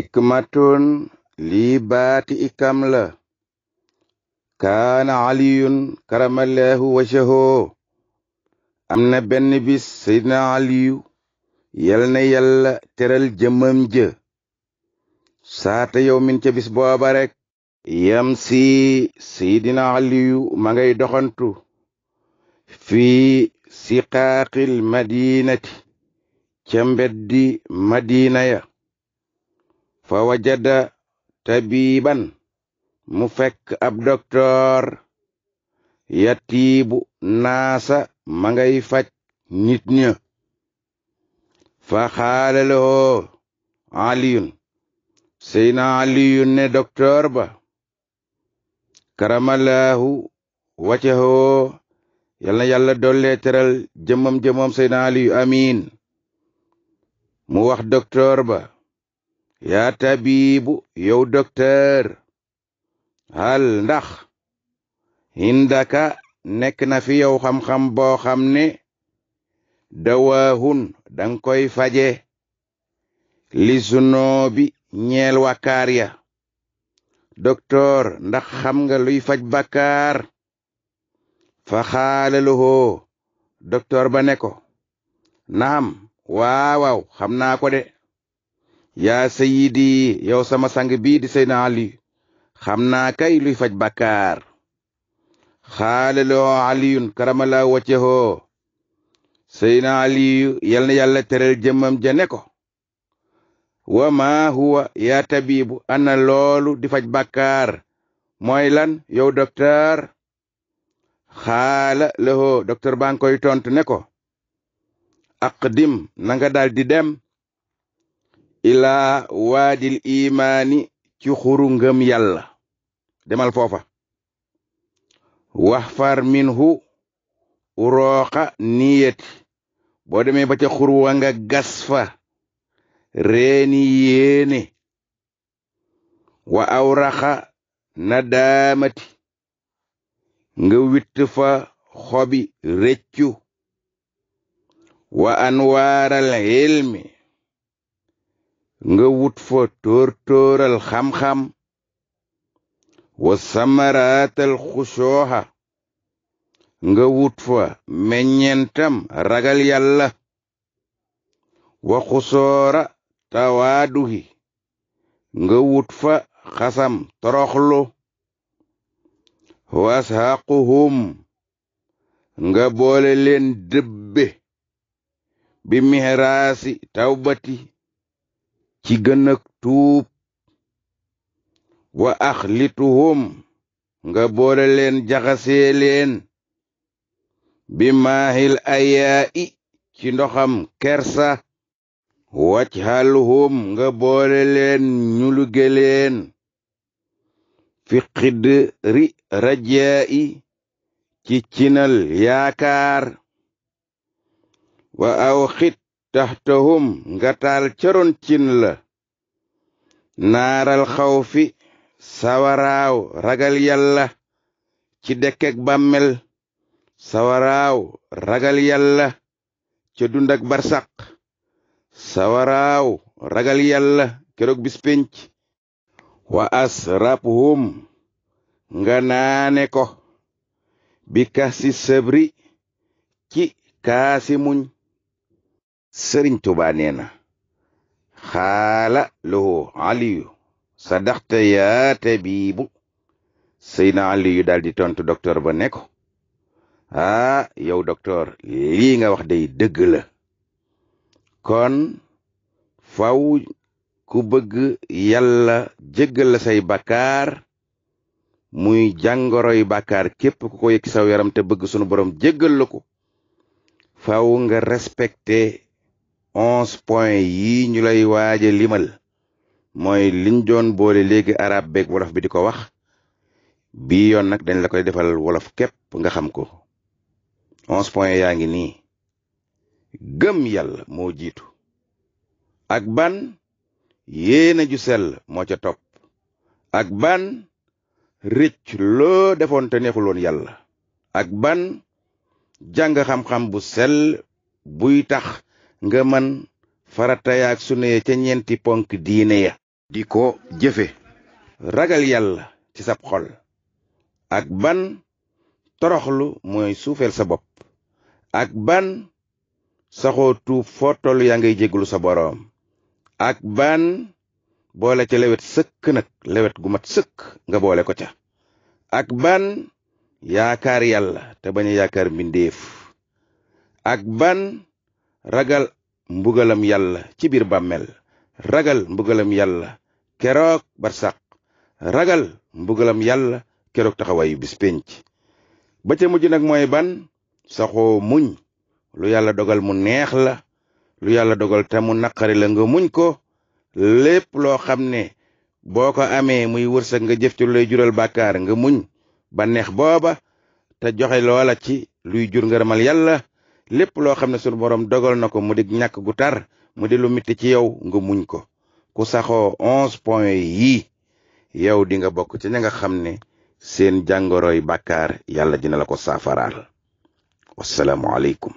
ikmatun lii baati ikam la kaana aliyun karamallahu wajhahu am na benn bis seydna aliyu yal na yàlla teral jëmmam jë saata yow min ca bis booba rek yam si seydna aliyu ma ngay doxantu fii siqaaqil madinati ca mbeddi madina ya fa wajada tabiban mu fekk ab doktoor yatiibu naasa ma ngay faj nit ña fa xaalaloo aliyun seyna aliyun ne doktoor ba karamalaahu wacehoo yal na yàlla dollee teral jëmmam jëmmam seyna aliyu amiin mu wax doktoor ba yaa tabiibu yow docteur hal ndax daka nekk na fi yow xam-xam boo xam ne dawaahun dang koy faje li zunoobi ñeel wakkaar ya docteur ndax xam nga luy faj bakkaar fa xaalaluhoo docteur ba ne ko naam waawaaw xam naa de yaa sayidi yow sama sang bii di Seydina Ali xam naa kay luy faj bàkkaar xaalaloo aliyun karamala wacceho Seydina Aliyu yal na yàlla teral jëmmam ja ne ko wa maa huwa yaa tabibu ana loolu di faj bàkkaar mooy lan yow docteur xaala lëhoo docteur baa ngi koy tontu ne ko aqdim di dem ilaa waadil imaani ci xuru ngëm yàlla demal foofa wax far minhu urooqa niyati boo demee ba ca xur wa nga gas fa reeni yéene wa awraxa na daamati nga witt xobi reccu wa anwaaral xilmi nga wut fa tóortóoral xam-xam wa samaraatal xusooxa nga wut fa meññentam ragal yàlla wa xusoora tawaaduhi nga wut fa xasam toroxlu wa asxaaquhum nga boole leen dëbbe bi mihraasi tawbati ci gën ak tuub wa axlituhum nga boole leen jaxasee leen bi maahil ayaa i ci ndoxam kersa wajhalhum nga boole leen ñuluge leen fi xidri rajaa i ci cinal yaakaar wa awxit taxtahum nga taal caroon cin la naaral xawfi sawaraaw ragal yàlla ci dekkek bàmmel sawaraaw ragal yàlla ca dund ak barsaq sawaraaw ragal yàlla keroog bis pénc wa asrabhum nga naane ko bi kasi sabri ci kaasi muñ sëriñ Tuubaa nee na xaala lahu sa sadaxta yaa tabiibu Seydina aliyu daal di tontu docteur ba ne ko ah, yow docteur lii nga wax day dëgg la kon faw ku bëgg yàlla jéggal la say bàkkaar muy jàngoroy bàkkaar képp ku ko yëg saw yaram te bëgg sunu borom jéggal la ko faw nga respecté onze point yi ñu lay waaje limal mooy liñ doon boole léegi arab beek wolof bi di ko wax bii yoon nag dañ la koy defal wolof képp nga xam ko onze point yaa ngi nii gëm yàlla moo jiitu ak ban yéena ju sel moo ca topp ak ban ricc loo defoon te neexuloon yàlla ak ban jàng xam-xam bu sel buy tax nga man faratayaak sune ya ca ñeenti ponk diine ya di ko jëfe ragal yàlla ci sab xol ak ban toroxlu mooy suufeel sa bopp ak ban saxoo tuub foo toll yaa ngay jéglu sa boroom ak ban boole ca lewet sëkk lewet gu mat sëkk nga boole ko ca ak ban yaakaar yàlla te bañ a yaakaar mbindeef ak ban ragal mbugalam yàlla ci biir bàmmeel ragal mbugalam yàlla keroog barsàq ragal mbugalam yàlla keroog taxawaayu bis ba ca mujj nag mooy ban saxoo muñ lu yàlla dogal mu neex la lu yàlla dogal te mu naqari la nga muñ ko lépp loo xam ne boo ko amee muy wërsëg nga jëf ci lay jural bàkkaar nga muñ ba neex booba te joxe loola ci luy jur ngërëmal yàlla lépp loo xam ne sunu borom dogal na ko mu di ñàkk gu tar mu di lu ci yow nga ko ku saxoo onze point yii yow di nga bokk ci ña nga xam ne seen jàngoroy bàkkaar yàlla dina la ko saafaraal wasalaamualeykum